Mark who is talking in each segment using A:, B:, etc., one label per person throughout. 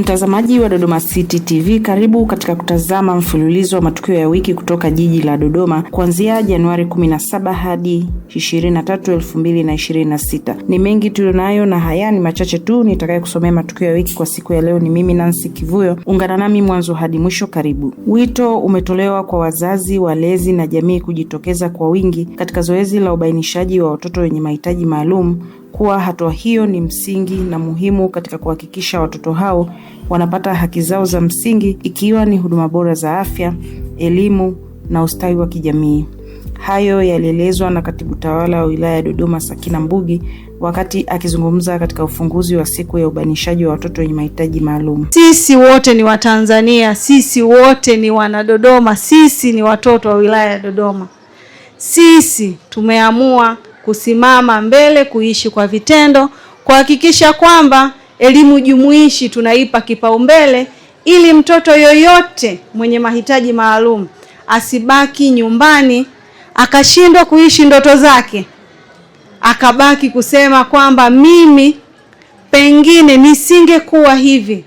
A: Mtazamaji wa Dodoma City TV, karibu katika kutazama mfululizo wa matukio ya wiki kutoka jiji la Dodoma kuanzia Januari 17 hadi 23, 2026. Ni mengi tulionayo na haya ni machache tu nitakayekusomea matukio ya wiki kwa siku ya leo. Ni mimi Nancy Kivuyo, ungana nami mwanzo hadi mwisho. Karibu. Wito umetolewa kwa wazazi, walezi na jamii kujitokeza kwa wingi katika zoezi la ubainishaji wa watoto wenye mahitaji maalum kuwa hatua hiyo ni msingi na muhimu katika kuhakikisha watoto hao wanapata haki zao za msingi ikiwa ni huduma bora za afya, elimu na ustawi wa kijamii. Hayo yalielezwa na katibu tawala wa wilaya ya Dodoma Sakina Mbugi wakati akizungumza katika ufunguzi wa siku ya ubanishaji wa watoto wenye mahitaji maalum.
B: Sisi wote ni Watanzania, sisi wote ni Wanadodoma, sisi ni watoto wa wilaya ya Dodoma. Sisi tumeamua kusimama mbele, kuishi kwa vitendo, kuhakikisha kwamba elimu jumuishi tunaipa kipaumbele ili mtoto yoyote mwenye mahitaji maalum asibaki nyumbani akashindwa kuishi ndoto zake, akabaki kusema kwamba mimi pengine nisingekuwa hivi,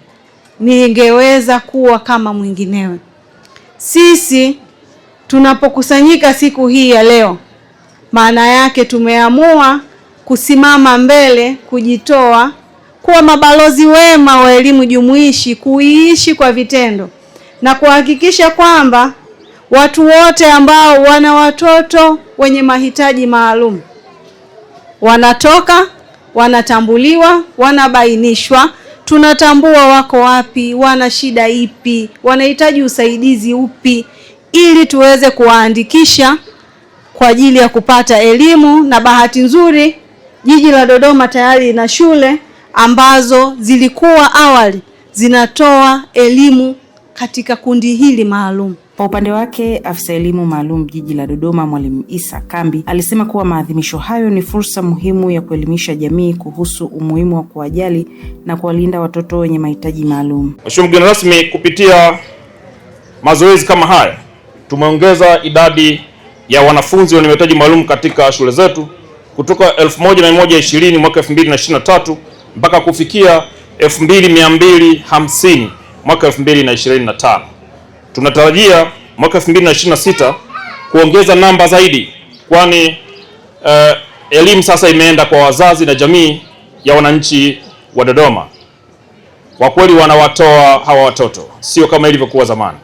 B: ningeweza kuwa kama mwinginewe. Sisi tunapokusanyika siku hii ya leo maana yake tumeamua kusimama mbele, kujitoa, kuwa mabalozi wema wa elimu jumuishi, kuiishi kwa vitendo na kuhakikisha kwamba watu wote ambao wana watoto wenye mahitaji maalum wanatoka, wanatambuliwa, wanabainishwa, tunatambua wako wapi, wana shida ipi, wanahitaji usaidizi upi, ili tuweze kuwaandikisha kwa ajili ya kupata elimu, na bahati nzuri jiji la Dodoma tayari lina shule ambazo zilikuwa awali zinatoa elimu katika kundi hili maalum.
C: Kwa upande wake afisa elimu maalum jiji la Dodoma, Mwalimu Isa Kambi alisema kuwa maadhimisho hayo ni fursa muhimu ya kuelimisha jamii kuhusu umuhimu wa kuwajali na kuwalinda watoto wenye mahitaji maalum.
D: Mheshimiwa mgeni rasmi, kupitia mazoezi kama haya tumeongeza idadi ya wanafunzi wenye mahitaji maalum katika shule zetu kutoka 1120 mwaka 2023 mpaka kufikia 2250 mwaka 2025. Tunatarajia mwaka 2026 kuongeza namba zaidi, kwani uh, elimu sasa imeenda kwa wazazi na jamii ya wananchi wa Dodoma. Kwa kweli wanawatoa hawa watoto, sio kama ilivyokuwa zamani.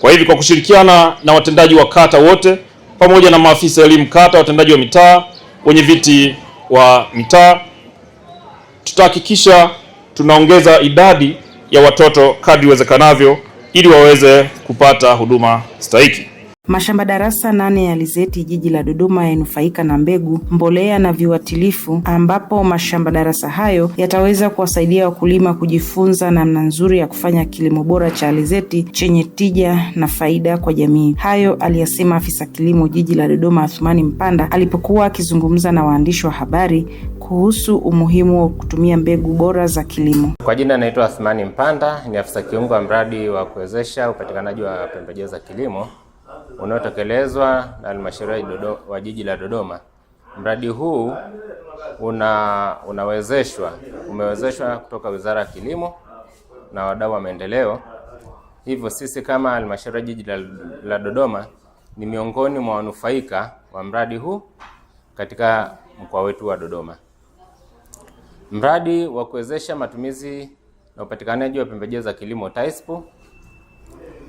D: Kwa hivyo kwa kushirikiana na watendaji wa kata wote pamoja na maafisa elimu kata, watendaji wa mitaa, wenye viti wa mitaa. Tutahakikisha tunaongeza idadi ya watoto kadri iwezekanavyo ili waweze kupata huduma stahiki.
A: Mashamba darasa nane ya alizeti jiji la Dodoma yanufaika na mbegu, mbolea na viuatilifu, ambapo mashamba darasa hayo yataweza kuwasaidia wakulima kujifunza namna nzuri ya kufanya kilimo bora cha alizeti chenye tija na faida kwa jamii. Hayo aliyasema afisa kilimo jiji la Dodoma Athumani Mpanda alipokuwa akizungumza na waandishi wa habari kuhusu umuhimu wa kutumia mbegu bora za kilimo.
E: Kwa jina anaitwa Athumani Mpanda, ni afisa kiungo wa mradi wa kuwezesha upatikanaji wa pembejeo za kilimo unaotekelezwa na halmashauri wa jiji la Dodoma. Mradi huu una unawezeshwa umewezeshwa kutoka Wizara ya Kilimo na wadau wa maendeleo. Hivyo sisi kama halmashauri ya jiji la, la Dodoma ni miongoni mwa wanufaika wa mradi huu katika mkoa wetu wa Dodoma. Mradi wa kuwezesha matumizi na upatikanaji wa pembejeo za kilimo TAISP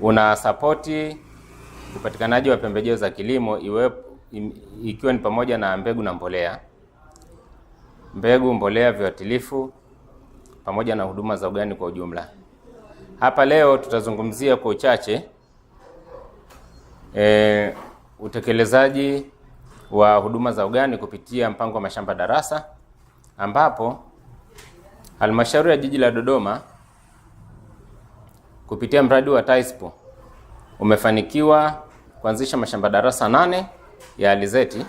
E: una sapoti upatikanaji wa pembejeo za kilimo iwe, ikiwa ni pamoja na mbegu na mbolea, mbegu, mbolea, viuatilifu pamoja na huduma za ugani kwa ujumla. Hapa leo tutazungumzia kwa uchache e, utekelezaji wa huduma za ugani kupitia mpango wa mashamba darasa, ambapo halmashauri ya jiji la Dodoma kupitia mradi wa TAISPO umefanikiwa kuanzisha mashamba darasa nane ya alizeti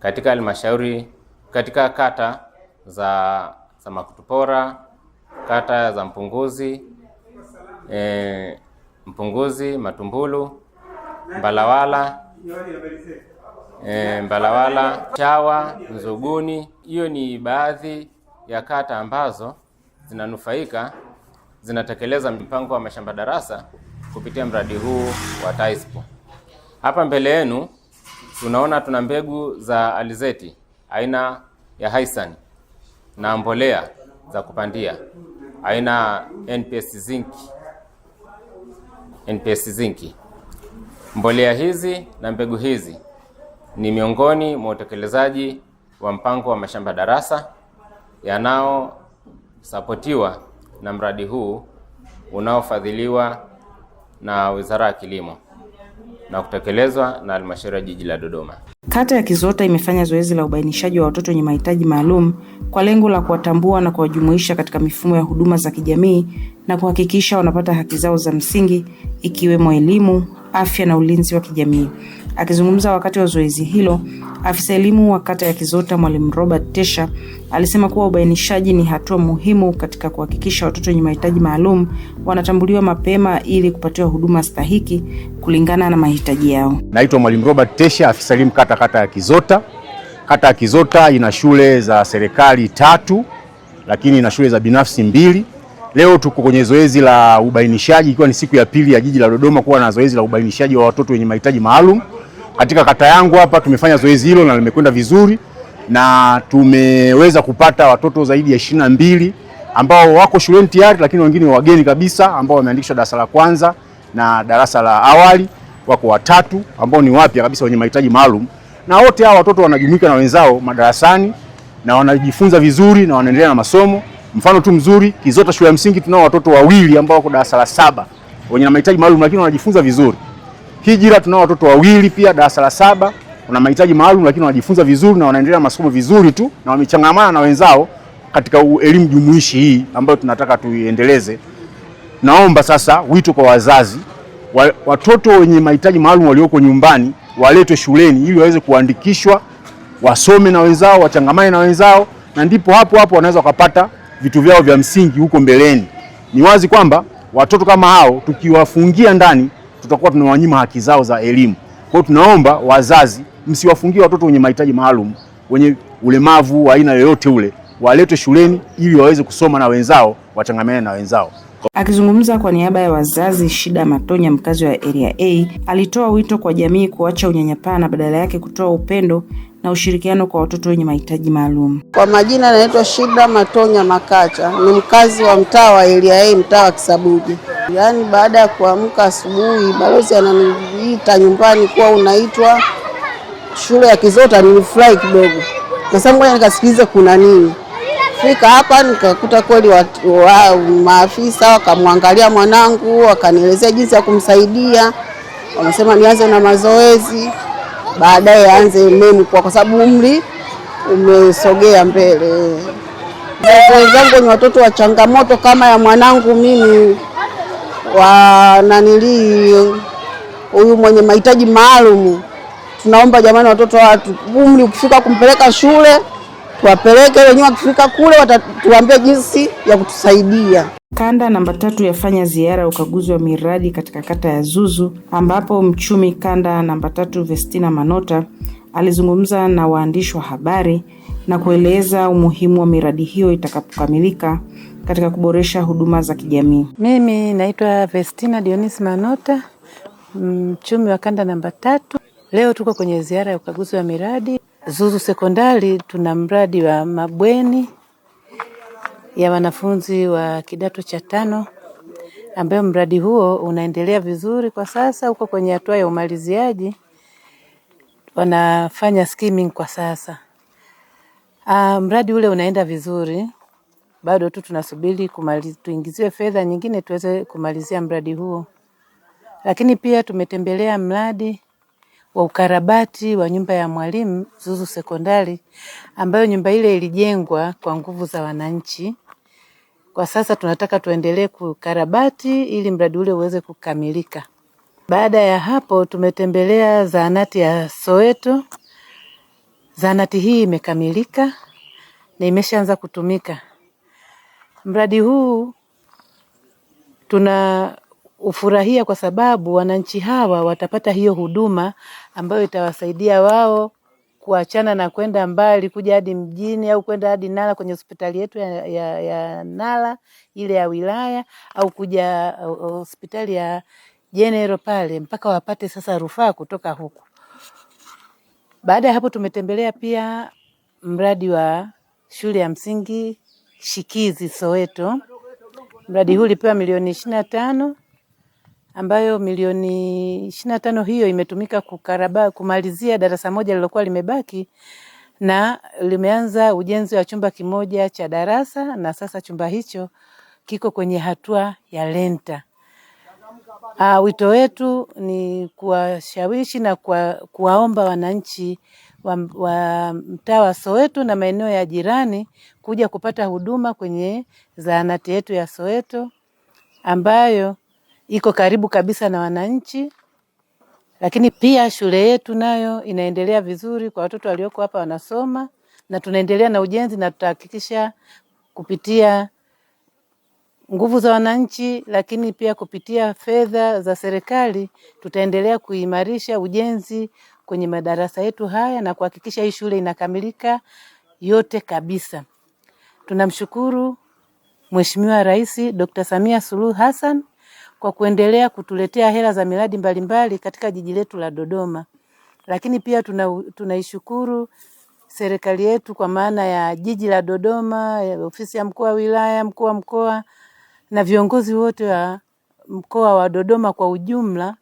E: katika halmashauri katika kata za, za Makutupora, kata za Mpunguzi e, Mpunguzi, Matumbulu, Mbalawala e, Mbalawala, Chawa, Nzuguni. Hiyo ni baadhi ya kata ambazo zinanufaika zinatekeleza mpango wa mashamba darasa kupitia mradi huu wa TAISPO. Hapa mbele yenu tunaona tuna mbegu za alizeti aina ya Haisan na mbolea za kupandia aina NPS zinc. NPS zinc. Mbolea hizi na mbegu hizi ni miongoni mwa utekelezaji wa mpango wa mashamba darasa yanaosapotiwa na mradi huu unaofadhiliwa na Wizara ya Kilimo na kutekelezwa na halmashauri ya jiji la Dodoma.
A: Kata ya Kizota imefanya zoezi la ubainishaji wa watoto wenye mahitaji maalum kwa lengo la kuwatambua na kuwajumuisha katika mifumo ya huduma za kijamii na kuhakikisha wanapata haki zao za msingi ikiwemo elimu, afya na ulinzi wa kijamii. Akizungumza wakati wa zoezi hilo, afisa elimu wa kata ya Kizota Mwalimu Robert Tesha alisema kuwa ubainishaji ni hatua muhimu katika kuhakikisha watoto wenye mahitaji maalum wanatambuliwa mapema ili kupatiwa huduma stahiki kulingana na mahitaji yao.
F: Naitwa Mwalimu Robert Tesha, afisa elimu kata kata ya Kizota. Kata ya Kizota ina shule za serikali tatu, lakini ina shule za binafsi mbili. Leo tuko kwenye zoezi la ubainishaji, ikiwa ni siku ya pili ya jiji la Dodoma kuwa na zoezi la ubainishaji wa watoto wenye mahitaji maalum katika kata yangu hapa tumefanya zoezi hilo na limekwenda vizuri na tumeweza kupata watoto zaidi ya ishirini na mbili ambao wako shuleni tayari, lakini wengine wageni kabisa ambao wameandikishwa darasa la kwanza na darasa la awali, wako watatu ambao ni wapya kabisa wenye mahitaji maalum, na wote hawa watoto wanajumuika na wenzao madarasani na wanajifunza vizuri na wanaendelea na masomo. Mfano tu mzuri, Kizota shule ya msingi tunao watoto wawili ambao wako darasa la saba wenye mahitaji maalum, lakini wanajifunza vizuri. Hijira tunao watoto wawili pia darasa la saba, wana mahitaji maalum, lakini wanajifunza vizuri na wanaendelea masomo vizuri tu na wamechangamana na wenzao katika elimu jumuishi hii ambayo tunataka tuiendeleze. Naomba sasa wito kwa wazazi wa, watoto wenye mahitaji maalum walioko nyumbani waletwe shuleni ili waweze kuandikishwa wasome na wenzao wachangamane na wenzao, na ndipo hapo hapo wanaweza wakapata vitu vyao vya msingi huko mbeleni. Ni wazi kwamba watoto kama hao tukiwafungia ndani tutakuwa tunawanyima haki zao za elimu. Kwa hiyo tunaomba wazazi msiwafungie watoto wenye mahitaji maalum, wenye ulemavu wa aina yoyote ule, waletwe shuleni ili waweze kusoma na wenzao, wachangamane na wenzao.
A: Akizungumza kwa niaba ya wazazi, Shida Matonya, mkazi wa Area A, alitoa wito kwa jamii kuacha unyanyapaa na badala yake kutoa upendo na ushirikiano kwa watoto wenye mahitaji maalum.
G: Kwa majina anaitwa Shida Matonya Makacha, ni mkazi wa mtaa wa A, mtaa wa Kisabuji. Yaani baada ya kuamka asubuhi, balozi ananiita nyumbani kuwa unaitwa shule ya Kizota. Nilifurahi kidogo, kasema ngoja nikasikilize kuna nini. Fika hapa nikakuta kweli wa, wa, maafisa wakamwangalia mwanangu, wakanielezea jinsi ya kumsaidia, wanasema nianze na mazoezi baadaye aanze menu, kwa sababu umri umesogea mbele. Wenzangu ni watoto wa changamoto kama ya mwanangu mimi wa nanilii huyu mwenye mahitaji maalum. Tunaomba jamani, watoto watu umri ukifika kumpeleka shule tuwapeleke, wenyewe wakifika kule watatuambia jinsi ya kutusaidia.
A: Kanda namba tatu yafanya ziara ya ukaguzi wa miradi katika kata ya Zuzu ambapo mchumi kanda namba tatu Vestina Manota alizungumza na waandishi wa habari na kueleza umuhimu wa miradi hiyo itakapokamilika katika kuboresha huduma za kijamii.
H: Mimi naitwa Vestina Dionis Manota, mchumi wa kanda namba tatu. Leo tuko kwenye ziara ya ukaguzi wa miradi Zuzu Sekondari. Tuna mradi wa mabweni ya wanafunzi wa kidato cha tano ambayo mradi huo unaendelea vizuri kwa sasa, uko kwenye hatua ya umaliziaji, wanafanya skimming kwa sasa. Uh, mradi ule unaenda vizuri, bado tu tunasubiri kumaliza, tuingiziwe fedha nyingine tuweze kumalizia mradi huo, lakini pia tumetembelea mradi wa ukarabati wa nyumba ya Mwalimu Zuzu Sekondari, ambayo nyumba ile ilijengwa kwa nguvu za wananchi. Kwa sasa tunataka tuendelee kukarabati ili mradi ule uweze kukamilika. Baada ya hapo, tumetembelea zahanati ya Soweto. Zahanati hii imekamilika na imeshaanza kutumika. Mradi huu tuna hufurahia kwa sababu wananchi hawa watapata hiyo huduma ambayo itawasaidia wao kuachana na kwenda mbali kuja hadi mjini au kwenda hadi Nala kwenye hospitali yetu ya, ya, ya Nala ile ya wilaya au kuja uh, uh, hospitali ya General pale mpaka wapate sasa rufaa kutoka huku. Baada ya hapo tumetembelea pia mradi wa shule ya msingi Shikizi Soweto. Mradi huu ulipewa milioni ishirini na tano ambayo milioni ishirini na tano hiyo imetumika kukaraba kumalizia darasa moja lilokuwa limebaki na limeanza ujenzi wa chumba kimoja cha darasa, na sasa chumba hicho kiko kwenye hatua ya lenta. Aa, ah, wito wetu ni kuwashawishi na kuwa, kuwaomba wananchi wa, wa mtaa wa Soweto na maeneo ya jirani kuja kupata huduma kwenye zahanati yetu ya Soweto ambayo iko karibu kabisa na wananchi, lakini pia shule yetu nayo inaendelea vizuri kwa watoto walioko hapa wanasoma, na tunaendelea na ujenzi na tutahakikisha kupitia nguvu za wananchi, lakini pia kupitia fedha za serikali tutaendelea kuimarisha ujenzi kwenye madarasa yetu haya na kuhakikisha hii shule inakamilika yote kabisa. Tunamshukuru Mheshimiwa Rais Dr. Samia Suluhu Hassan kwa kuendelea kutuletea hela za miradi mbalimbali katika jiji letu la Dodoma. Lakini pia tuna, tunaishukuru serikali yetu kwa maana ya jiji la Dodoma, ya ofisi ya mkuu wa wilaya, mkuu wa mkoa na viongozi wote wa mkoa wa Dodoma kwa ujumla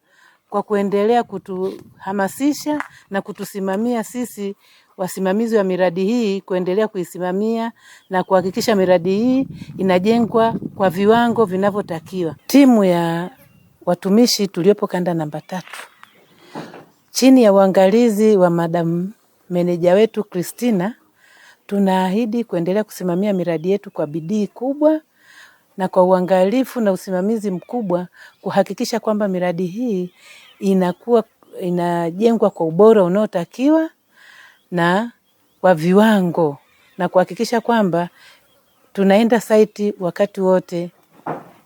H: kwa kuendelea kutuhamasisha na kutusimamia sisi wasimamizi wa miradi hii kuendelea kuisimamia na kuhakikisha miradi hii inajengwa kwa viwango vinavyotakiwa. Timu ya watumishi tuliopo kanda namba tatu chini ya uangalizi wa madam meneja wetu Christina, tunaahidi kuendelea kusimamia miradi yetu kwa bidii kubwa na kwa uangalifu na usimamizi mkubwa kuhakikisha kwamba miradi hii inakuwa inajengwa kwa ubora unaotakiwa na kwa viwango na kuhakikisha kwamba tunaenda saiti wakati wote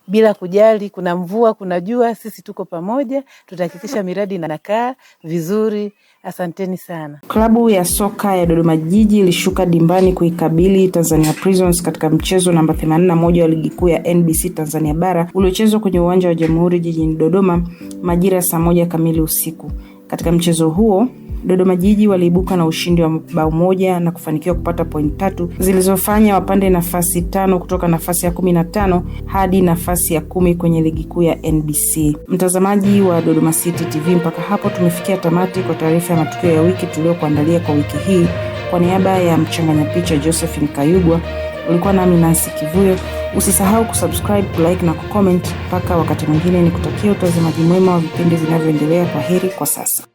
H: bila kujali kuna mvua kuna jua, sisi tuko pamoja, tutahakikisha miradi inakaa vizuri. Asanteni sana.
A: Klabu ya soka ya Dodoma Jiji ilishuka dimbani kuikabili Tanzania Prisons katika mchezo namba 81 wa ligi kuu ya NBC Tanzania Bara uliochezwa kwenye uwanja wa Jamhuri jijini Dodoma majira ya saa moja kamili usiku. Katika mchezo huo Dodoma Jiji waliibuka na ushindi wa bao moja na kufanikiwa kupata point tatu zilizofanya wapande nafasi tano kutoka nafasi ya kumi na tano hadi nafasi ya kumi kwenye ligi kuu ya NBC. Mtazamaji wa Dodoma City TV, mpaka hapo tumefikia tamati kwa taarifa ya matukio ya wiki tuliyokuandalia kwa wiki hii. Kwa niaba ya mchanganya picha Josephine Kayugwa, ulikuwa nami Nancy Kivuyo. Usisahau kusubscribe, kulike na kucomment. Mpaka wakati mwingine, kutakia utazamaji mwema wa vipindi vinavyoendelea. Kwa heri kwa sasa.